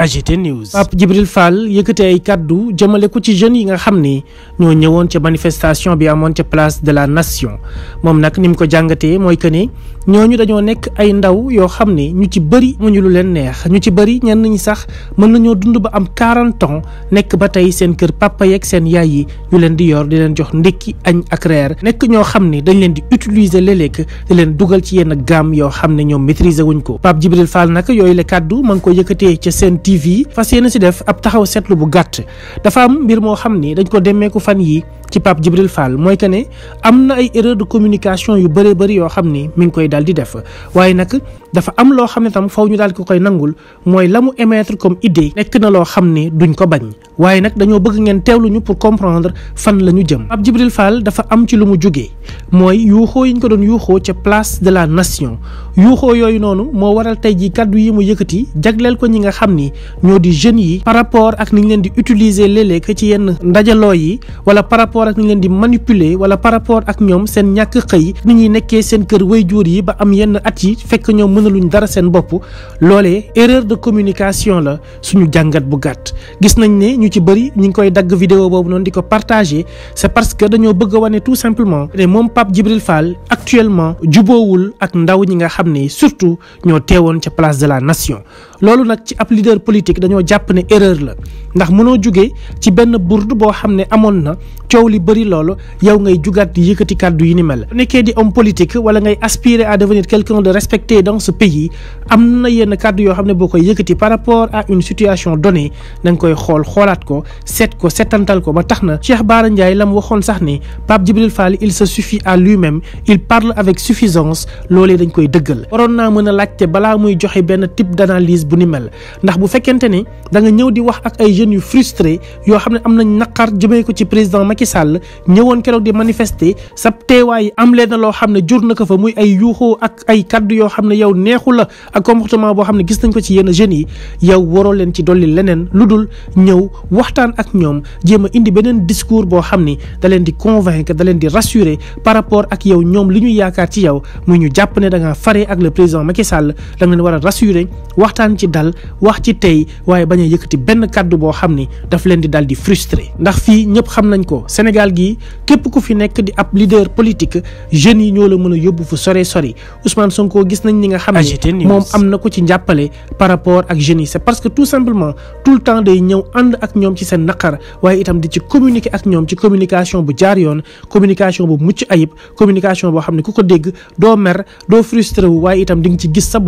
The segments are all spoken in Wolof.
AGT News. Pape Djibril Fall yëkkate ay kàddu jëmale ko ci jeunes yi nga xam ni ñoo ñëwoon ca manifestation bi amoon ca place de la nation moom nag ni mu ko jàngatee mooy que ñoo ñu dañoo nekk ay ndaw yoo xam ne ñu ci bëri mu lu leen neex ñu ci bëri ñenn ñi sax mën nañoo dund ba am 40 ans nekk ba tey seen kër papa yeek seen yaay yi ñu leen di yor di leen jox ndékki añ ak reer nekk ñoo xam ne dañ leen di utiliser léeg-léeg di leen dugal ci yenn gaam yoo xam ne ñoom maîtriser wuñ ko Pape Djibril Fall nag yooyu la kàddu TV fas yéene si def ab taxaw seetlu bu gàtt dafa am mbir moo xam ni dañ ko ku fan yi ci Pape Djibril Fall mooy que ne am na ay erreur de communication yu bëree bëri yoo xam ni mi ngi koy daal di def waaye nag dafa am loo xam ne tam faw ñu daal di ko koy nangul mooy la mu émettre comme idée nekk na loo xam ne duñ ko bañ waaye nag dañoo bëgg ngeen teewluñu pour comprendre fan la ñu jëm Pape Djibril Fall dafa am ci lu mu jugee mooy yuuxoo yi ñu ko doon yuuxoo ca place de la nation yuuxoo yooyu noonu moo waral tey ji kàddu yi mu yëkkati jagleel ko ñi nga xam ni ñoo di jeunes yi par rapport ak ni ñu leen di utiliser léeg ci yenn ndajaloo yi wala par rapport ak ni ñu leen di manipuler wala par rapport ak ñoom seen ñàkk xëy ni ñuy nekkee seen kër wayjuur yi ba am yenn at yi fekk ñoom mënaluñ dara seen bopp loolee erreur de communication la suñu jàngat bu gàtt ci bëri ñu ngi koy dagg vidéo boobu noonu di ko partagé c'est parce que dañoo bëgg a wane tout simplement ne moom Pape Djibril Fall actuellement juboowul ak ndaw ñi nga xam ne surtout ñoo teewoon ca place de la nation loolu nag ci ab leader politique dañoo jàpp ne erreur la ndax mënoo jugee ci benn bourde boo xam ne amoon na coow li bëri loolu yow ngay jugaat di yëkkati kàddu yi ni mel. nekkee di homme politique wala ngay aspirer à devenir quelqu'un de respecté dans ce pays am na yenn kàddu yoo xam ne boo koy yëkkati par rapport à une situation donnée da koy xool xoolaat ko seet ko setantal ko ba tax na Cheikh Bara Ndiaye la mu waxoon sax ni Pape Djibril Fall il se suffit à lui-même il parle avec suffisance loolee dañ koy dëggal waroon naa mën a laajte balaa muy joxe benn type d'analyse bu ni mel ndax bu fekkente ni danga nga ñëw di wax ak ay jeunes yu frustré yoo xam ne am nañ naqar jëmee ko ci président Macky Sall ñëwoon keroog di manifester sa teewaay am leen na loo xam ne jur na ko fa muy ay yuuxoo ak ay kaddu yoo xam ne yow neexu la ak comportement boo xam ne gis nañ ko ci yenn jeunes yi yow waroo leen ci dolli leneen lu dul ñëw waxtaan ak ñoom jéem a indi beneen discours boo xam ni da leen di convaincre da leen di rassurer par rapport ak yow ñoom li ñu yaakaar ci yow muy ñu jàpp ne da ngaa ak le président Macky Sall da a rassurer waxtaan ci dal wax ci tey waaye bañ a yëkkati benn kàddu boo xam ni daf leen di dal di frustré ndax fii ñëpp xam nañ ko Sénégal gii képp ku fi nekk di ab leader politique jeunes yi ñoo la mën a yóbbu fu sore sori Ousmane Sonko gis nañ ni nga xam ne moom am na ko ci njàppale par rapport ak jeunes yi c'est parce que tout simplement tout le temps day ñëw ànd ak ñoom ci seen naqar waaye itam di ci communiquer ak ñoom ci communication bu jaar yoon communication bu mucc xam ne ko dégg doo mer doo di nga ci gis sa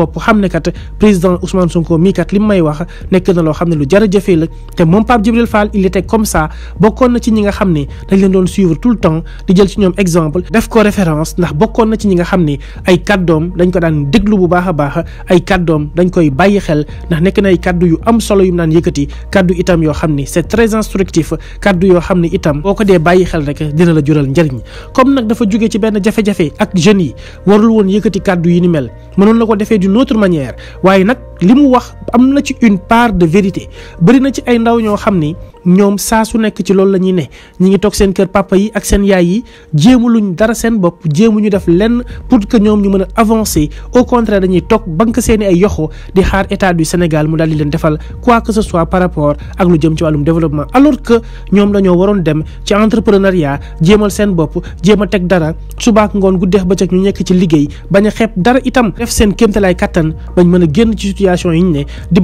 Sonko mii kat li mu may wax nekk na loo xam ne lu jar a jëfee la te moom Pape Djibril Fall il était comme ça bokkoon na ci ñi nga xam ne dañ leen doon suivre tout le temps di jël ci ñoom exemple def ko référence ndax bokkoon na ci ñi nga xam ne ay kàddoom dañ ko daan déglu bu baax a baax ay kàddoom dañ koy bàyyi xel ndax nekk na ay kàddu yu am solo yu mu naan yëkkati kaddu itam yoo xam ne c'est très instructif kàddu yoo xam ne itam boo ko dee bàyyi xel rek dina la jural njëriñ comme nag dafa jóge ci benn jafe ak jeunes yi warul woon yëkkati kàddu yi ni mel mënoon na ko defee d'une autre manière waaye li mu wax am na ci une part de vérité bëri na ci ay ndaw ñoo xam ni ñoom saa su nekk ci loolu la ñuy ne ñi ngi toog seen kër papa yi ak seen yaay yi jéemaluñ dara seen bopp ñu def lenn pour que ñoom ñu mën a avancer au contraire dañuy toog banque seen i ay yoxo di xaar état du Sénégal mu daal di leen defal quoi que ce soit par rapport ak lu jëm ci wàllum développement alors que ñoom lañoo waroon dem ci entrepreneuriat jéemal seen bopp jéem a teg dara subaak ngoon guddeex bëccëg ñu nekk ci liggéey bañ a xeeb dara itam def seen kéemtalaay kattan bañ mën a génn ci situation yi ñu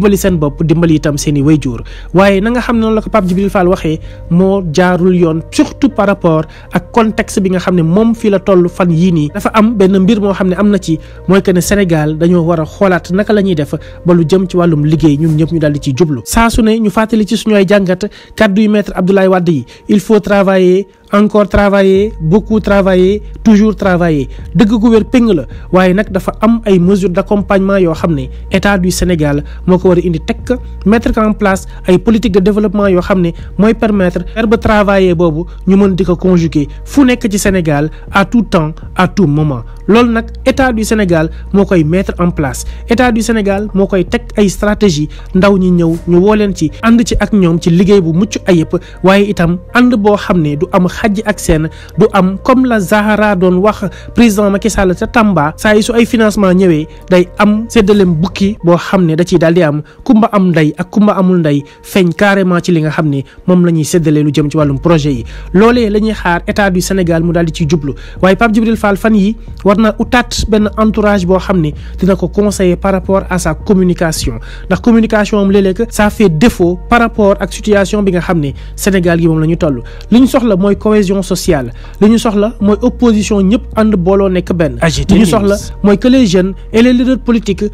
ne seen bopp dimbali seen i wayjur waaye Pape Djibril Fall moo jaarul yoon surtout par rapport ak contexte bi nga xam ne moom fii la toll fan yii nii dafa am benn mbir moo xam ne am na ci mooy que ne Sénégal dañoo war a xoolaat naka la ñuy def ba lu jëm ci wàllum liggéey ñun ñëpp ñu daal di ciy jublu saa su ne ñu fàttali ci suñu ay jàngat kàddu yu maître Abdoulaye Wade yi il faut travailler encore travailler beaucoup travailler toujours travailler dëgg gu wér péng la waaye nag dafa am ay mesures d'accompagnement yoo xam ne état du Sénégal moo ko war a indi tekk mettre en place ay politique de développement yoo xam ne mooy permettre verbe travailler boobu ñu mën di ko conjuguer fu nekk ci Sénégal à tout temps à tout moment loolu nag état du Sénégal moo koy mettre en place état du Sénégal moo koy teg ay stratégie ndaw ñi ñëw ñu woo leen ci ànd ci ak ñoom ci liggéey bu mucc ayib waaye xajj ak seen du am comme la Zahara doon wax président Macky Sall sa Tamba saa yi su ay financement ñëwee day am séddaleem bukki boo xam ne da ciy daal di am kumba am ndey ak kumba amul ndey feeñ carrément ci li nga xam ne moom la ñuy séddalee lu jëm ci wàllum projet yi loole la ñuy xaar état du Sénégal mu daal di ciy jublu waaye Pape Djibril Fall fan yi war na utaat benn entourage boo xam ne dina ko conseiller par rapport à sa communication ndax communication am léeg-léeg ça fait rapport ak situation bi nga xam ne Sénégal gi moom la ñu toll cohésion sociale li ñu soxla mooy opposition ñëpp ànd booloo nekk benn li ñu soxla mooy que les jeunes et les leaders politiques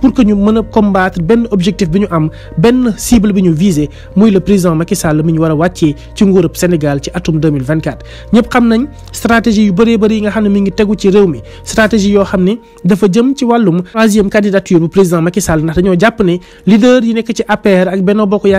pour que ñu mën a combattre benn objectif bi ñu am benn cible bi ñu visé muy le président Macky Sall mi ñu war a wàccee ci nguurub Sénégal ci atum 2024 ñëpp xam nañ stratégie yu bëree bëri yi nga xam ne mi ngi tegu ci réew mi stratégie yoo xam ne dafa jëm ci wàllum troisième candidature bu président Macky Sall ndax dañoo jàpp ne leader yi nekk ci APR ak Benno Bokk yi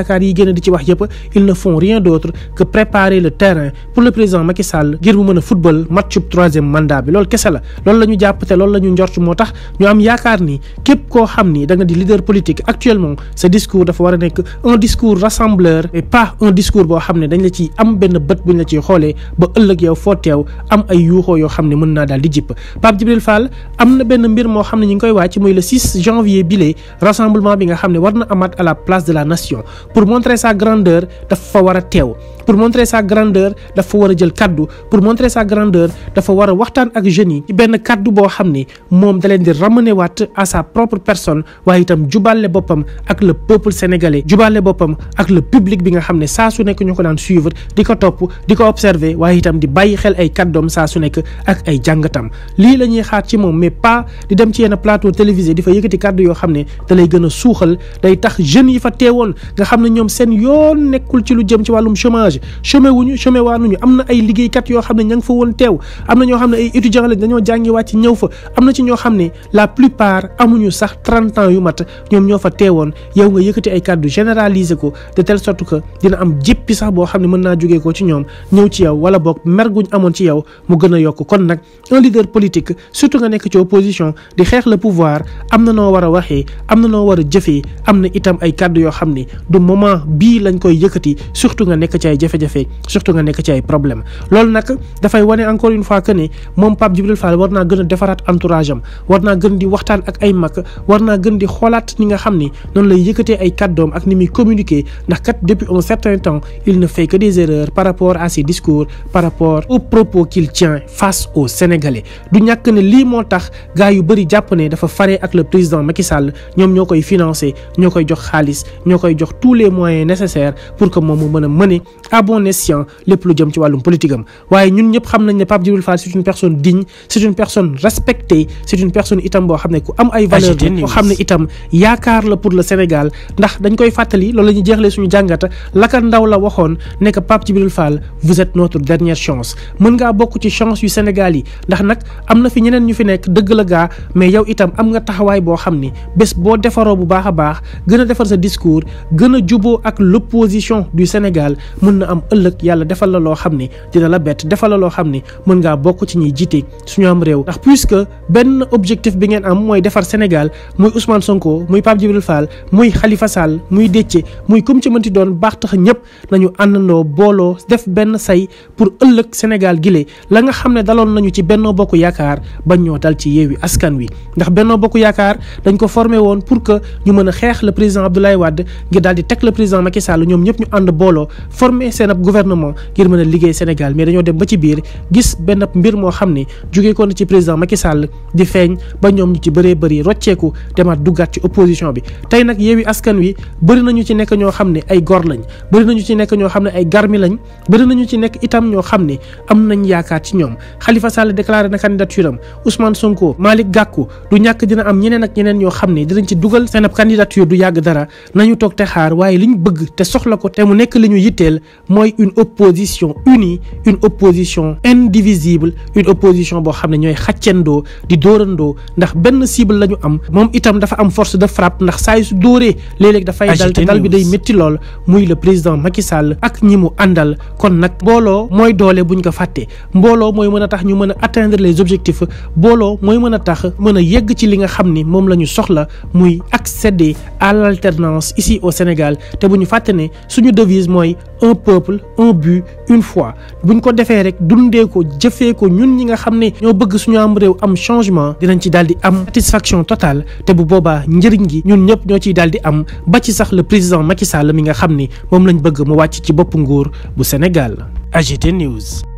gën terrain pour le président Macky Sall ngir mu mën a football matchub troisième mandat bi loolu kese la loolu la jàpp te loolu la ñu njort moo tax ñu am yaakaar ni képp koo xam ni da nga di leader politique actuellement ce discours dafa war a nekk un discours rassembleur et pas un discours boo xam ne dañ la ciy am benn bët buñ la ciy xoolee ba ëllëg yow foo teew am ay yuuxoo yoo xam ne mën naa daal di jipp Pape Djibril Fall am na benn mbir moo xam ne ñu ngi koy wàcc muy le 6 janvier bile rassemblement bi nga xam ne war na amaat la place de la nation pour montrer sa grandeur dafa war a teew pour montrer sa grandeur dafa war a jël kaddu pour montrer sa grandeur dafa war a waxtaan ak jeunes yi ci benn kaddu boo xam ne moom da leen di ramener waat à sa propre personne waaye itam jubale boppam ak le peuple sénégalais jubale boppam ak la public bi nga xam ne saa su nekk ñu ko daan suivre di ko topp di ko observer waaye itam di bàyyi xel ay kaddoom saa su nekk ak ay jàngatam lii la ñuy xaar ci moom mais pas di dem ci yenn plateau télévisé di fa yëkkati kaddu yoo xam ne da lay gën a suuxal day tax jeunes yi fa teewoon nga xam ne ñoom seen yoon nekkul ci lu jëm ci wàllum chômage chômage chômé wuñu chômé waanuñu am na ay liggéeykat yoo xam ne ña ngi fa woon teew am na ñoo xam ne ay étudiants lañ dañoo jàngi wàcc ñëw fa am na ci ñoo xam ne la plupart amuñu sax trente ans yu mat ñoom ñoo fa teewoon yow nga yëkkati ay kàddu généraliser ko de tell sorte que dina am jéppi sax boo xam ne mën naa jógee ko ci ñoom ñëw ci yow wala boog mer guñ amoon ci yow mu gën a yokk kon nag un leader politique surtout nga nekk ci opposition di xeex le pouvoir am na noo war a waxee am na noo war a jëfee am na itam ay kàddu yoo xam ne du moment bii lañ koy yëkkati surtout nga nekk ci ay jafe-jafe surtout nga nekk ci ay problème loolu nag dafay wane encore une fois que ne moom Pape Djibril Fall war naa gën a defaraat entourage am war naa gën di waxtaan ak ay mag war naa gën di xoolaat ni nga xam ni noonu lay yëkkatee ay kàddoom ak ni muy communiquer ndax kat depuis un certain temps il ne fait que des erreurs par rapport à ses discours par rapport aux propos qu'il tient face aux Sénégalais du ñàkk ne lii moo tax gars yu bëri jàpp ne dafa fare ak le président Macky Sall ñoom ñoo koy financer ñoo koy jox xaalis ñoo koy jox tous les moyens nécessaires pour que moom mu mën a mëne à bon escient lépp lu jëm ci wàllum politique am waaye ñun ñëpp xam nañ ne Pape Djibril Fall c'est une personne digne c'est une personne respectée c'est une personne itam boo xam ne ku am ay valeur boo xam ne itam yaakaar la pour le Sénégal ndax dañ koy fàttali loolu la ñuy suñu jàngata laka ndaw la waxoon ne que Pape Djibril Fall vous êtes notre dernière chance mën ngaa bokk ci chance yu Sénégal yi ndax nag am na fi ñeneen ñu fi nekk dëgg la gaa mais yow am nga taxawaay boo xam ni bés boo defaroo bu baax a baax gën a defar sa discours gën a juboo ak l'opposition du Sénégal mën na am ëllëg yàlla defal la loo xam ne dina la bett defal la loo xam ne mën ngaa bokk ci ñuy jiite suñu am réew ndax puisque benn objectif bi ngeen am mooy defar Sénégal muy Ousmane Sonko muy Pape Djibril Fall muy xalifa Sall muy Déthié muy comme ci di doon baax tax ñëpp nañu àndandoo booloo def benn say pour ëllëg Sénégal gile la nga xam ne daloon nañu ci Benno Bokk Yaakaar bañ ñoo dal ci Yewwi Askan Wi ndax Benno Bokk Yaakaar dañ ko formé woon pour que ñu mën a xeex le président Abdoulaye Wade ngir daal di teg le président ñoom ñëpp ñu ànd seen ab gouvernement ngir mën a liggéey Sénégal mais dañoo dem ba ci biir gis benn mbir moo xam ne jógee na ci président Macky Sall di feeñ ba ñoom ñu ci bëree bëri rocceeku demaat duggaat ci opposition bi tey nag Yewwi Askan Wi bëri nañu ci nekk ñoo xam ne ay gor lañ bëri nañu ci nekk ñoo xam ne ay garmi lañ bëri nañu ci nekk itam ñoo xam ne am nañ yaakaar ci ñoom xalifa Sall déclaré na candidature am Ousmane Sonko Malick Gakou du ñàkk dina am ñeneen ak ñeneen ñoo xam ne dinañ ci dugal seen ab candidature yàgg dara nañu toog te xaar waaye liñ bëgg te soxla ko te mu nekk li ñu yitteel mooy une opposition unie une opposition indivisible une opposition boo xam ne ñooy xàccandoo di doorandoo ndax benn cible la ñu am moom itam dafa am force de frappe ndax saa yu su dóoree léeg-léeg dafay ah, dal te dal bi day métti lool muy le président Macky Sall ak ñi mu àndal kon nag mbooloo mooy doole bu ñu ko fàttee mbooloo mooy mën a tax ñu mën a atteindre les objectifs mbooloo mooy mën a tax mën a yegg ci li nga xam ni moom la ñu soxla muy accéder à l'alternance ici au Sénégal te bu ñu fàtte suñu devise mooy un peuple un but une foi buñ ko defee rek dundee ko jëfee ko ñun ñi nga xam ne ñoo bëgg suñu am réew am changement dinañ ci daal di am satisfaction totale te bu boobaa njëriñ gi ñun ñëpp ñoo ciy daal di am ba ci sax le président Macky Sall mi nga xam ni moom lañ bëgg mu wàcc ci bopp nguur bu Sénégal AGT News